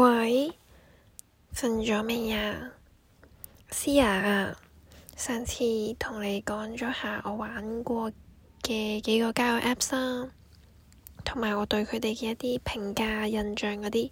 喂，瞓咗未啊，思雅？上次同你講咗下我玩過嘅幾個交友 apps 啦、啊，同埋我對佢哋嘅一啲評價、印象嗰啲，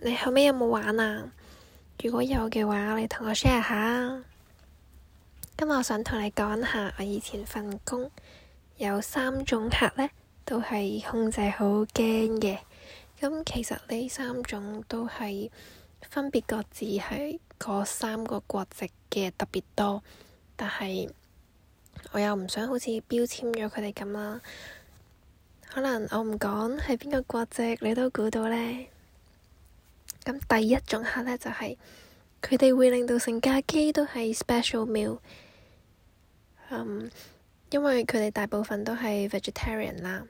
你後尾有冇玩啊？如果有嘅話，你同我 share 下啊。今日我想同你講下我以前份工，有三種客咧，都係控制好驚嘅。咁其實呢三種都係分別各自係嗰三個國籍嘅特別多，但係我又唔想好似標籤咗佢哋咁啦。可能我唔講係邊個國籍，你都估到咧。咁第一種客咧，就係佢哋會令到成架機都係 special meal。嗯，因為佢哋大部分都係 vegetarian 啦。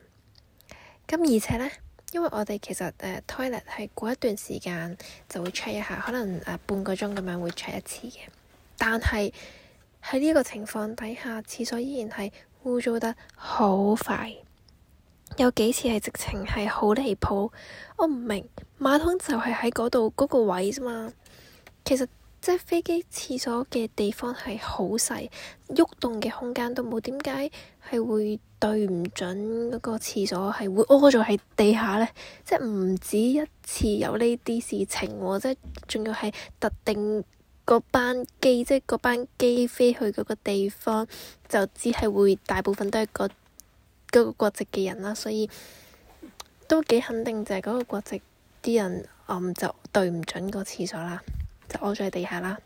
咁而且咧。因為我哋其實誒 toilet 係過一段時間就會 check 一下，可能誒、呃、半個鐘咁樣會 check 一次嘅。但係喺呢個情況底下，廁所依然係污糟得好快。有幾次係直情係好離譜，我唔明馬桶就係喺嗰度嗰個位啫嘛。其實。即係飛機廁所嘅地方係好細，喐動嘅空間都冇。點解係會對唔準嗰個廁所係會屙咗喺地下咧？即係唔止一次有呢啲事情喎、哦，即係仲要係特定嗰班機，即係嗰班機飛去嗰個地方就只係會大部分都係嗰嗰個國籍嘅人啦，所以都幾肯定就係嗰個國籍啲人暗、嗯、就對唔準個廁所啦。就屙喺地下啦。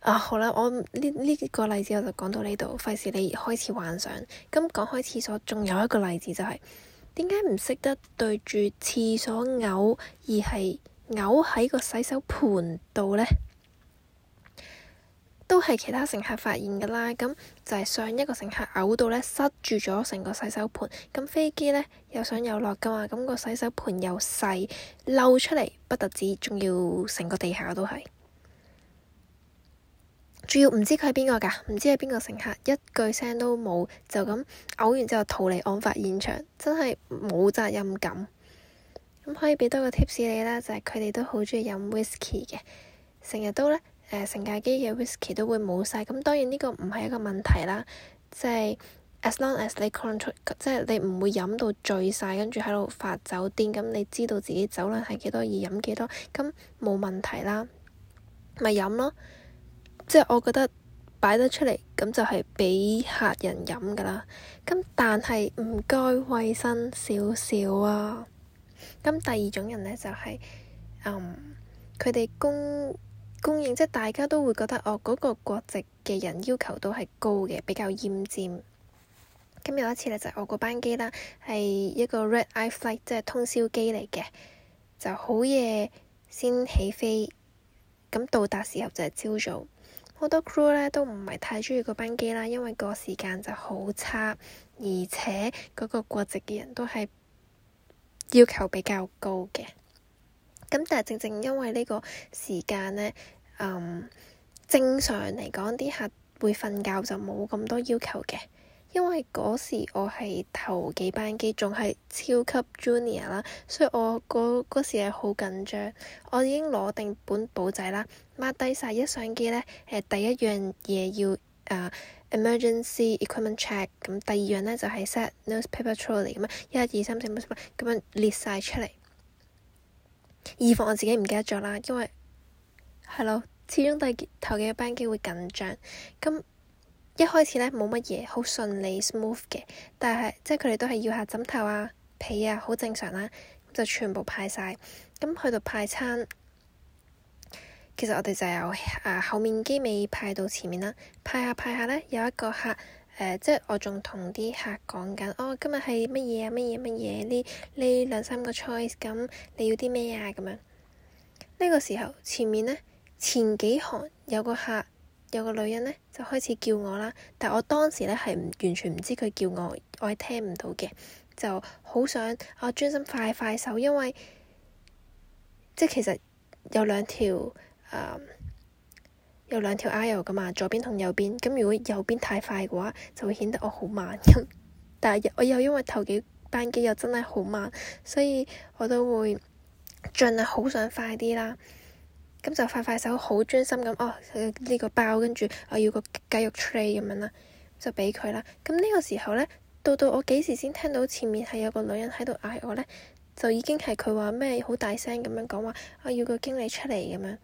啊，好啦，我呢呢、這個例子我就講到呢度，費事你開始幻想。咁、嗯、講開廁所，仲有一個例子就係、是，點解唔識得對住廁所嘔，而係嘔喺個洗手盆度咧？都係其他乘客發現噶啦，咁就係上一個乘客嘔到咧，塞住咗成個洗手盤。咁飛機咧又上又落噶嘛，咁個洗手盤又細，漏出嚟不得止，仲要成個地下都係。仲要唔知佢係邊個㗎？唔知係邊個乘客，一句聲都冇，就咁嘔完之後逃離案發現場，真係冇責任感。咁可以畀多個 tips 你啦，就係佢哋都好中意飲 whisky 嘅，成日都咧。誒成、呃、架機嘅 whisky 都會冇晒，咁當然呢個唔係一個問題啦。即係 as long as 你 control，即係你唔會飲到醉晒，跟住喺度發酒癲，咁你知道自己酒量係幾多，而飲幾多，咁冇問題啦。咪飲咯。即係我覺得擺得出嚟，咁就係畀客人飲㗎啦。咁但係唔該衞生少少啊。咁第二種人咧就係、是，嗯，佢哋公。公認即係大家都會覺得哦，嗰、那個國籍嘅人要求都係高嘅，比較奄尖。咁有一次咧，就係、是、我個班機啦，係一個 Red Eye Flight，即係通宵機嚟嘅，就好夜先起飛。咁到達時候就係朝早，好多 crew 咧都唔係太鍾意個班機啦，因為個時間就好差，而且嗰個國籍嘅人都係要求比較高嘅。咁但係，正正因為呢個時間咧，嗯，正常嚟講，啲客會瞓覺就冇咁多要求嘅。因為嗰時我係頭幾班機，仲係超級 junior 啦，所以我嗰、那、嗰、個、時係好緊張。我已經攞定本簿仔啦，抹低晒一上機咧，誒第一樣嘢要誒、呃、emergency equipment check，咁第二樣咧就係、是、set newspaper trolley 咁樣，一二三四五，咁樣列晒出嚟。以防我自己唔記得咗啦，因為係咯，始終都係頭幾個班機會緊張。咁一開始咧冇乜嘢，好順利 smooth 嘅，但係即係佢哋都係要下枕頭啊、被啊，好正常啦、啊，就全部派晒。咁去到派餐，其實我哋就由啊後面機尾派到前面啦，派下派下咧有一個客。誒、呃，即係我仲同啲客講緊，哦，今日係乜嘢啊？乜嘢乜嘢呢？呢兩三個 choice，咁你要啲咩啊？咁樣呢個時候，前面咧前幾行有個客，有個女人咧就開始叫我啦，但我當時咧係唔完全唔知佢叫我，我係聽唔到嘅，就好想我、哦、專心快快手，因為即係其實有兩條誒。呃有兩條 aisle 噶嘛，左邊同右邊。咁如果右邊太快嘅話，就會顯得我好慢咁。 但係我又因為頭幾班機又真係好慢，所以我都會盡量好想快啲啦。咁就快快手，好專心咁哦。呢、這個包跟住我要個雞肉 tray 咁樣啦，就畀佢啦。咁呢個時候咧，到到我幾時先聽到前面係有個女人喺度嗌我咧？就已經係佢話咩好大聲咁樣講話，我要個經理出嚟咁樣。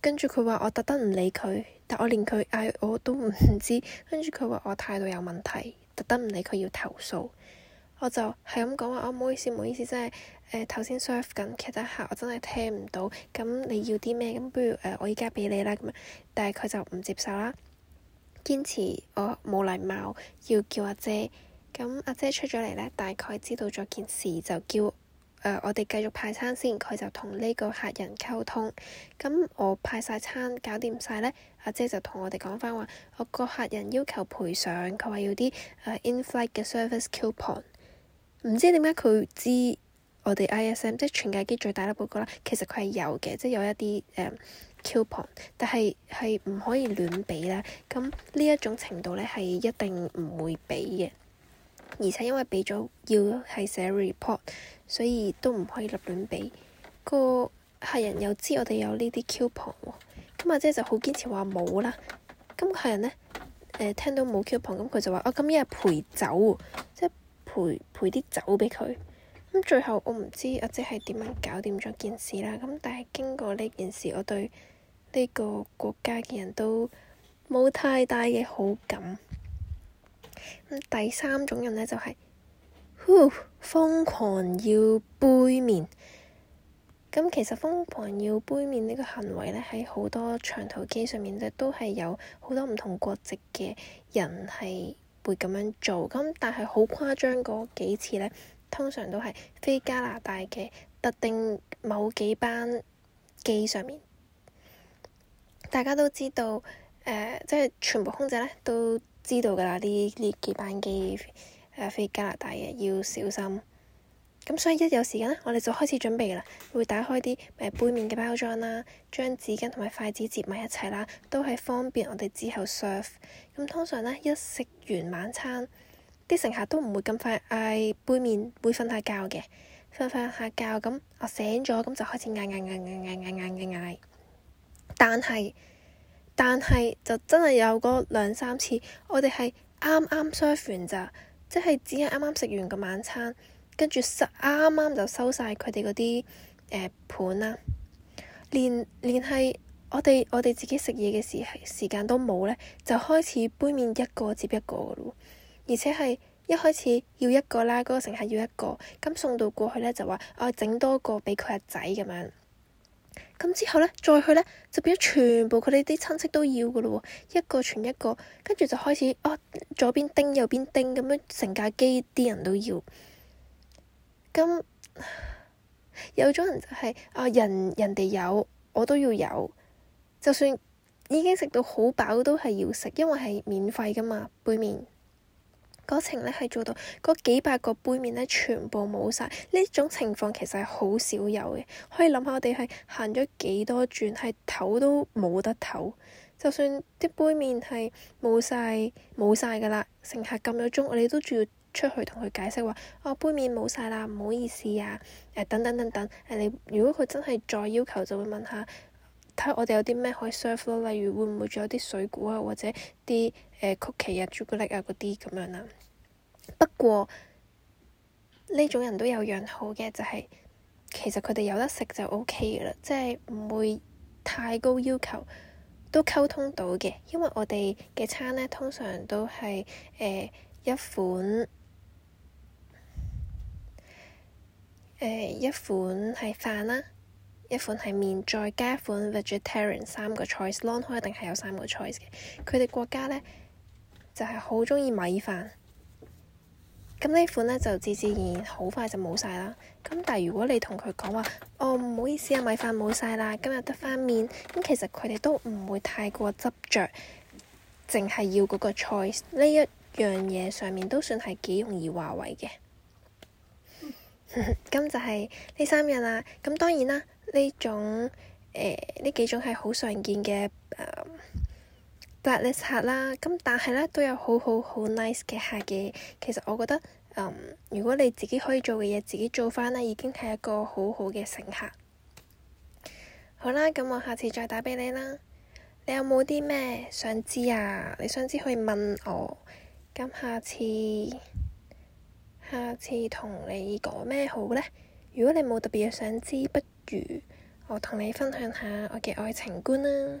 跟住佢話我特登唔理佢，但我連佢嗌我都唔知。跟住佢話我態度有問題，特登唔理佢要投訴，我就係咁講話，我、哦、唔好意思，唔好意思，真係誒頭先 serve 緊其他客我、呃，我真係聽唔到。咁你要啲咩？咁不如誒我而家畀你啦。咁但係佢就唔接受啦，堅持我冇禮貌要叫阿姐。咁阿姐出咗嚟咧，大概知道咗件事就叫。Uh, 我哋繼續派餐先，佢就同呢個客人溝通。咁我派晒餐，搞掂晒呢？阿姐就同我哋講返話，我個客人要求賠償，佢話要啲、uh, in-flight 嘅 service coupon。唔知點解佢知我哋 ISM，即係全價機最大粒嗰個啦。其實佢係有嘅，即係有一啲誒、um, coupon，但係係唔可以亂畀啦。咁呢一種程度呢，係一定唔會畀嘅。而且因為畀咗要係寫 report，所以都唔可以立亂畀。個客人又知我哋有呢啲 coupon 咁阿姐就好堅持話冇啦。咁、那個、客人呢，誒、呃、聽到冇 coupon，咁佢就話：啊、哦，今日陪酒，即係陪陪啲酒畀佢。咁最後我唔知阿姐係點樣搞掂咗件事啦。咁但係經過呢件事，我對呢個國家嘅人都冇太大嘅好感。第三種人呢，就係，呼瘋狂要杯麵。咁其實瘋狂要杯麵呢個行為呢，喺好多長途機上面咧都係有好多唔同國籍嘅人係會咁樣做。咁但係好誇張嗰幾次呢，通常都係飛加拿大嘅特定某幾班機上面。大家都知道，誒，即係全部空姐呢都。知道㗎啦，呢，呢幾班機誒飛加拿大嘅，要小心。咁所以一有時間咧，我哋就開始準備啦，會打開啲誒杯麵嘅包裝啦，將紙巾同埋筷子折埋一齊啦，都係方便我哋之後 serve。咁通常咧一食完晚餐，啲乘客都唔會咁快嗌杯麵，會瞓下覺嘅，瞓翻下覺咁，我醒咗咁就開始嗌嗌嗌嗌嗌嗌嗌嗌。但係。但係就真係有嗰兩三次，我哋係啱啱 serve 完咋，即係只係啱啱食完個晚餐，跟住收啱啱就收晒佢哋嗰啲誒盤啦，連連係我哋我哋自己食嘢嘅時時間都冇咧，就開始杯麵一個接一個噶咯，而且係一開始要一個啦，嗰個乘客要一個，咁送到過去咧就話我整多個畀佢阿仔咁樣。咁之後咧，再去咧就變咗全部佢哋啲親戚都要嘅咯，一個傳一個，跟住就開始啊、哦、左邊叮，右邊叮，咁樣成架機啲人都要。咁有種人就係、是、啊、哦、人人哋有我都要有，就算已經食到好飽都係要食，因為係免費噶嘛杯麪。嗰程咧係做到嗰幾百個杯麵咧，全部冇晒。呢種情況其實係好少有嘅。可以諗下，我哋係行咗幾多轉，係唞都冇得唞。就算啲杯麵係冇晒，冇晒㗎啦，乘客撳咗鐘，我哋都仲要出去同佢解釋話：哦，杯麵冇晒啦，唔好意思啊，誒、呃、等等等等。誒、呃，你如果佢真係再要求，就會問下睇下我哋有啲咩可以 serve 咯，例如會唔會仲有啲水果啊，或者啲誒、呃、曲奇啊、朱古力啊嗰啲咁樣啦。不過呢種人都有樣好嘅，就係、是、其實佢哋有得食就 OK 嘅啦，即係唔會太高要求，都溝通到嘅。因為我哋嘅餐咧，通常都係誒一款誒一款係飯啦，一款係麵、呃，再加一款 vegetarian 三個 choice，long t、嗯、一定係有三個 choice 嘅。佢哋國家咧就係好鍾意米飯。咁呢款呢，就自自然然好快就冇晒啦。咁但係如果你同佢講話，哦唔好意思啊，米飯冇晒啦，今日得翻麵。咁其實佢哋都唔會太過執着，淨係要嗰個菜呢一樣嘢上面，都算係幾容易話為嘅。咁 就係呢三樣啦。咁當然啦，呢種誒呢、呃、幾種係好常見嘅 Blacklist 客啦，咁但係咧都有好好好 nice 嘅客嘅。其實我覺得，嗯，如果你自己可以做嘅嘢自己做翻咧，已經係一個好好嘅乘客。好啦，咁我下次再打畀你啦。你有冇啲咩想知啊？你想知可以問我。咁下次，下次同你講咩好咧？如果你冇特別嘅想知，不如我同你分享下我嘅愛情觀啦。